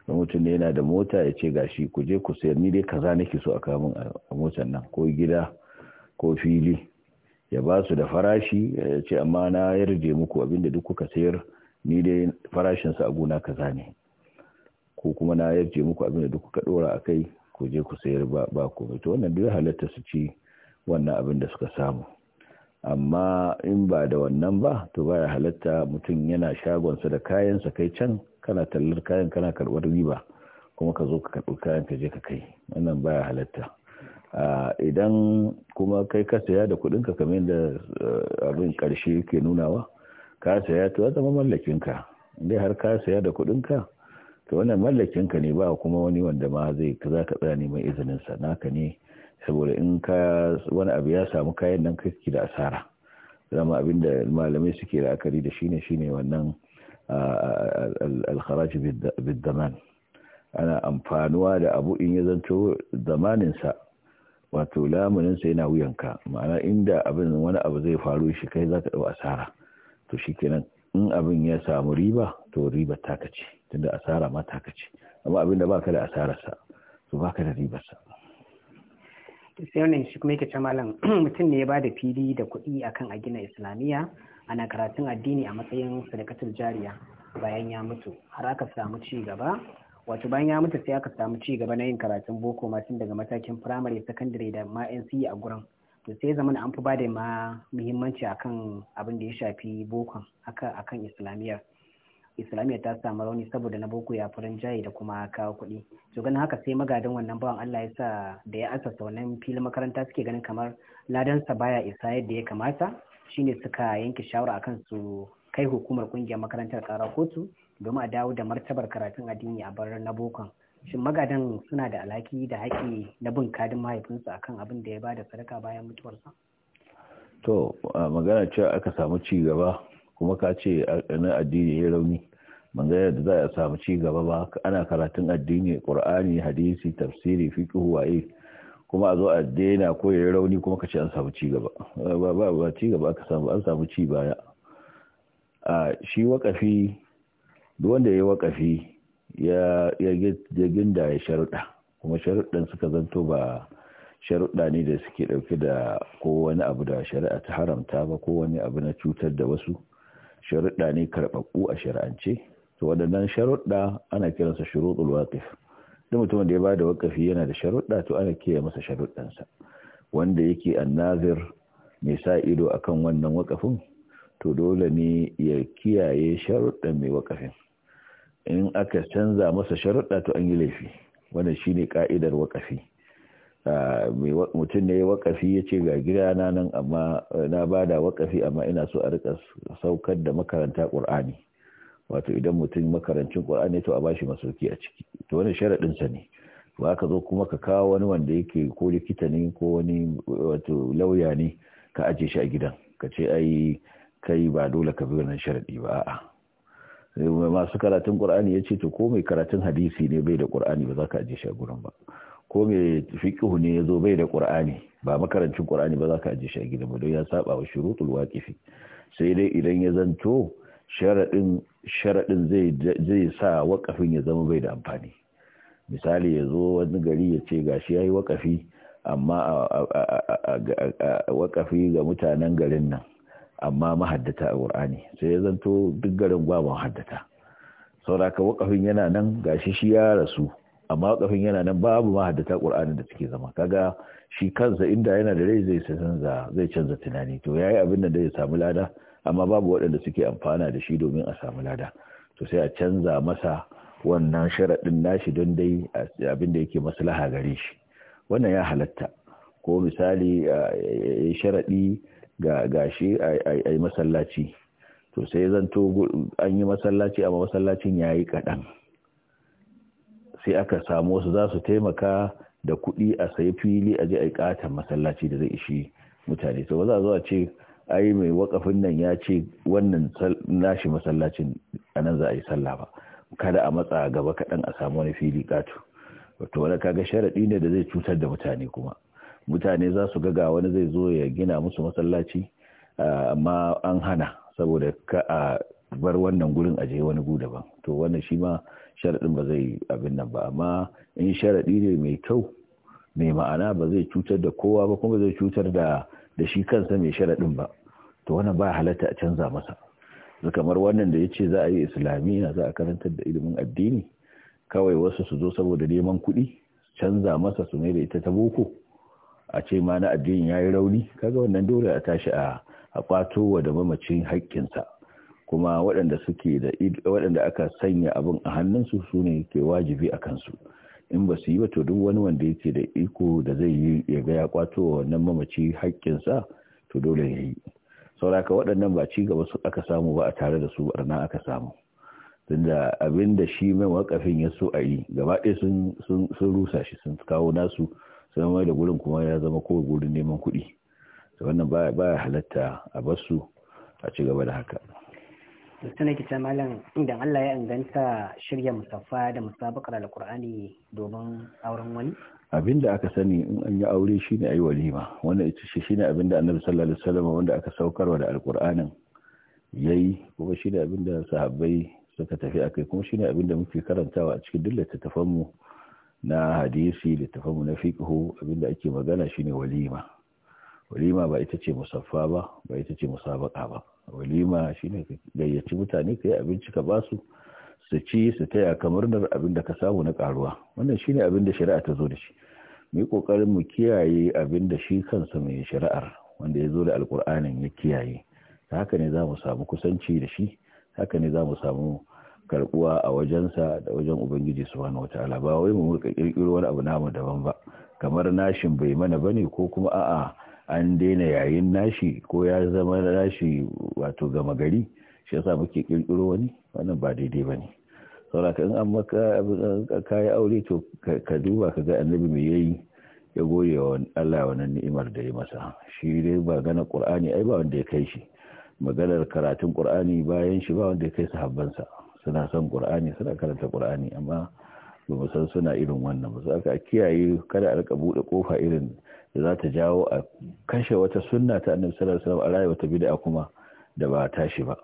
mutum ne yana da mota ya ce gashi ku je ku sayar ni dai kaza nake so a kawo min a motar nan ko gida ko fili ya ba su da farashi ya ce amma na yarje muku abinda duk kuka sayar ni dai sa a gona kaza ne ko kuma na yarje muku abinda duk kuka dora a kai ku je ku sayar ba ba komai to wannan duk halatta su ci wannan abin da suka samu amma in ba da wannan ba to baya halatta mutum yana shagonsa da kayansa kai can kana tallar kayan kana karbar riba kuma ka zo ka karbi kayan ka je ka kai wannan baya halatta Eh, idan kuma kai ka saya da kudin ka kamar da eh, abin karshe ke nunawa ka saya to zama mallakin ka dai har ka saya da kudin ka to wannan mallakin ka ne ba kuma wani wanda ma zai ka za ka tsaya neman izinin sa naka ne saboda in ka wani abu ya samu kayan nan kai ki da asara zama abin da malamai suke la'akari da shine shine wannan eh, al-kharaj bid ana amfanuwa da abu in ya zanto zamanin sa. wato lamunin yana wuyanka ma'ana inda abin wani abu zai faru shi kai za ka ɗau asara to shi kenan in abin ya samu riba to riba taka ce tunda asara ma taka ce amma abin da baka da asararsa to baka da ribarsa sai wannan shi kuma yake malam mutum ne ya ba da fili da kuɗi akan a gina islamiyya ana karatun addini a matsayin sadakatul jariya bayan ya mutu har aka samu ci gaba wato bayan ya mutu sai aka samu ci gaba na yin karatun boko ma tun daga matakin firamare sakandare da ma NCE a gurin to sai zama an fi bada ma muhimmanci akan abin da ya shafi bokon haka akan islamiyyar islamiyya ta samu rauni saboda na boko ya furin jayi da kuma kawo kuɗi to ganin haka sai magadin wannan bawan Allah ya sa da ya asasa wannan filin makaranta suke ganin kamar ladansa baya isa yadda ya kamata shine suka yanke shawara akan su kai hukumar kungiyar makarantar kara kotu domin a dawo da martabar karatun addini a bar na bokon shin magadan suna da alhaki da haƙi na bin kadin mahaifinsu akan abin da ya bada sadaka bayan mutuwarsa to magana ce aka samu ci gaba kuma ka ce na addini ya rauni magana da za a samu ci gaba ba ana karatun addini qur'ani hadisi tafsiri fiqh waye kuma a zo a daina ko ya rauni kuma ka ce an samu ci gaba ba ba ci gaba aka samu an samu ci baya a shi wakafi duk wanda ya yi wakafi ya ginda ya sharuɗa kuma sharuɗan suka zanto ba sharuɗa ne da suke ɗauke da kowane abu da shari'a ta haramta ba ko wani abu na cutar da wasu sharuɗa ne karɓaɓɓu a shari'ance to waɗannan sharuɗa ana kiransa shuruɗul waqif duk mutum da ya bada wakafi yana da sharuɗa to ana kiyaye masa sharuɗansa wanda yake annazir mai sa ido akan wannan wakafin to dole ne ya kiyaye sharuɗan mai wakafin in aka canza masa sharuɗa to an yi laifi shi shine ka'idar waƙafi ah, mutum ne waƙafi ya ce ga gida na nan amma eh, na bada waƙafi amma ina so a rika saukar da makaranta ƙur'ani wato idan mutum makarancin ƙur'ani to a ba shi masauki a ciki to wani sharaɗin sa ne ba ka zo kuma ka kawo wani wanda yake ko likita ne ko wani wato lauya ne ka ajiye shi a gidan ka ce ai kai ba dole ka bi wannan sharaɗi ba a'a masu karatun qur'ani ya ce to ko mai karatun hadisi ne bai da qur'ani ba za ka aje shi gurin ba ko mai fiqhu ne ya zo bai da qur'ani ba makarancin qur'ani ba za ka aje shi a gidan ba don ya saba wa shurutul waqifi sai dai idan ya zanto sharaɗin sharaɗin zai sa wakafin ya zama bai da amfani misali ya zo wani gari ya ce gashi ya yi wakafi amma wakafi ga mutanen garin nan amma mahaddata a qur'ani sai ya zanto duk garin ba mahaddata sauraka wakafin yana nan gashi shi ya rasu amma wakafin yana nan babu mahaddata ƙur'ani da suke zama kaga shi kansa inda yana da rai zai canza zai canza tunani to yayi abin da zai samu lada amma babu waɗanda suke amfana da shi domin a samu lada to sai a canza masa wannan sharaɗin nashi don dai abin da yake maslaha gare shi wannan ya halatta ko misali sharaɗi ga shi a yi masallaci to sai zanto an yi masallaci amma masallacin ya yi kaɗan sai aka samu wasu za su taimaka da kuɗi a sayi fili a je a yi ƙaton masallaci da zai ishi mutane to ba za a ce ai mai wakafin nan ya ce wannan nashi masallacin a nan za a yi sallah ba kada a matsa gaba kaɗan a samu wani fili ƙato wato wani kaga sharaɗi ne da zai cutar da mutane kuma mutane za su ga wani zai zo ya gina musu masallaci amma an hana saboda ka a bar wannan gurin aje wani gu daban to wannan shi ma sharaɗin ba zai abin nan ba amma in sharaɗi ne mai kyau mai ma'ana ba zai cutar da kowa ba kuma zai cutar da da shi kansa mai sharaɗin ba to wannan ba halatta a canza masa kamar wannan da ya ce za a yi islamiyya za a karantar da ilimin addini kawai wasu su zo saboda neman kuɗi canza masa su mai da ita ta boko a ce ma na addinin ya yi rauni kaga wannan dole a tashi a kwato wa da mamacin haƙƙinsa kuma waɗanda suke da waɗanda aka sanya abin a hannunsu su ne ke wajibi a kansu in ba su yi ba to duk wani wanda yake da iko da zai yi ya ga ya kwato wa wannan mamaci haƙƙinsa to dole ya yi sauraka waɗannan ba ci gaba su aka samu ba a tare da su barna aka samu tunda abin da shi mai wakafin ya so a yi gaba ɗaya sun rusa shi sun kawo nasu sai mai da gurin kuma ya zama ko gurin neman kuɗi to wannan baya halatta a basu a ci gaba da haka suna kita malam idan Allah ya inganta shirya musaffa da musabakar alkur'ani domin auren wani abinda aka sani in an yi aure shine ayi walima wanda ita ne shine abinda annabi sallallahu alaihi wasallam wanda aka saukarwa da alkur'anin yayi kuma shine abinda sahabbai suka tafi kai kuma abin da muke karantawa a cikin dukkan littattafan mu na hadisi littafinmu na fiqhu abinda ake magana shine walima walima ba ita ce musaffa ba ba ita ce musabaka ba walima shine gayyaci mutane ka yi abinci ka ba su su ci su taya ka murnar abinda ka samu na karuwa wannan shine abin da shari'a ta zo da shi mu kokarin mu kiyaye abinda da shi kansa mai shari'ar wanda ya zo da alƙur'anin ya kiyaye ta haka ne za mu samu kusanci da shi haka ne za mu samu karbuwa a wajensa da wajen ubangiji subhanahu wataala ba wai mu murka kirkiro wani abu namu daban ba kamar nashin bai mana bane ko kuma a'a an daina yayin nashi ko ya zama nashi wato gama gari shi yasa muke kirkiro wani wannan ba daidai bane saboda in an maka kayi aure to ka duba ka ga annabi me yayi ya goye wa Allah wannan ni'imar da ya masa shi dai ba gana Qur'ani ai ba wanda ya kai shi maganar karatun Qur'ani bayan shi ba wanda ya kai sahabbansa suna son qur'ani suna karanta qur'ani amma ba san suna irin wannan ba aka a kiyaye kada a rika bude kofa irin da za ta jawo a kashe wata sunna ta annabi sallallahu alaihi wasallam a rayuwa wata bid'a kuma da ba tashi ba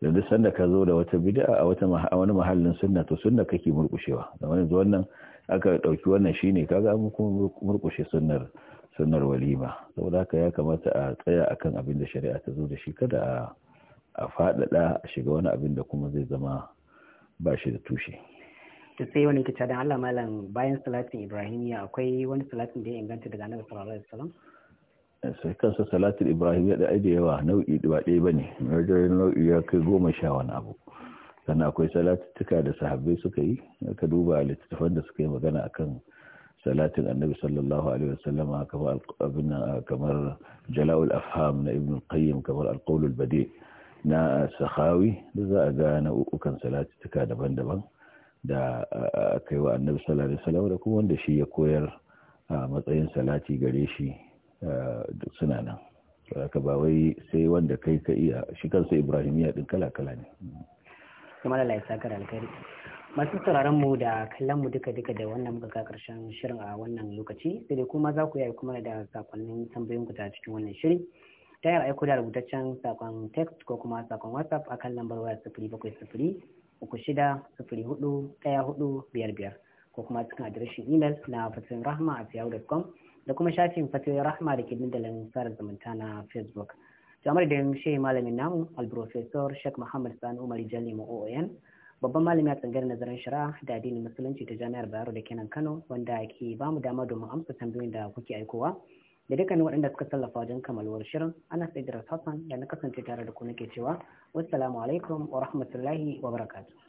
yanzu sanda ka zo da wata bid'a a wata wani mahallin sunna to sunna kake murkushewa da wani wannan aka dauki wannan shine kaga mu kuma murkushe sunnar sunnar walima saboda haka ya kamata a tsaya akan abin da shari'a ta zo da shi kada a faɗaɗa a shiga wani abin da kuma zai zama ba shi da tushe Ta sai wani kita da Allah malam bayan salatin Ibrahimiyya akwai wani salatin da ya inganta daga annabi sallallahu alaihi wasallam eh, sai kansa salatin Ibrahimiyya da ai da yawa nau'i ba ɗaya bane nau'i ya kai goma sha wani abu sannan akwai salatuttuka da sahabbai suka yi ka duba a littattafan da suka yi magana akan salatin annabi sallallahu alaihi wasallam kamar abin jala'ul afham na ibn qayyim kamar alƙawul badi' na sahawi da za a ga nau'ukan salatuka daban-daban da kai kai wa annabi sallallahu alaihi da kuma wanda shi ya koyar a matsayin salati gare shi duk suna nan haka ba wai sai wanda kai ka iya shi kansa ya din kala-kala ne kuma Allah ya saka masu sauraron mu da kallon mu duka duka da wannan muka ga karshen shirin a wannan lokaci sai dai kuma za ku yi kuma da sakonnin tambayoyin ku ta cikin wannan shirin. ta yar aiko da rubutaccen sakon text ko kuma sakon whatsapp a kan lambar waya sufuri bakwai sufuri uku shida sufuri hudu ɗaya hudu biyar biyar ko kuma cikin adireshin imel na fasirin rahma a yahoo.com da kuma shafin fasirin rahma da ke dandalin sarar zumunta na facebook jamar da shi malamin namu alprofesor sheikh muhammad sani umar jalimu oon babban malami a tsangar nazarin shara da addinin musulunci ta jami'ar bayero da kenan kano wanda ke ba mu dama domin amsa tambayoyin da kuke aikowa da dukkanin waɗanda suka tallafa wajen kamaluwar shirin ana sai da hassan da na kasance tare da ku nake cewa wassalamu alaikum wa rahmatullahi wa barakatuh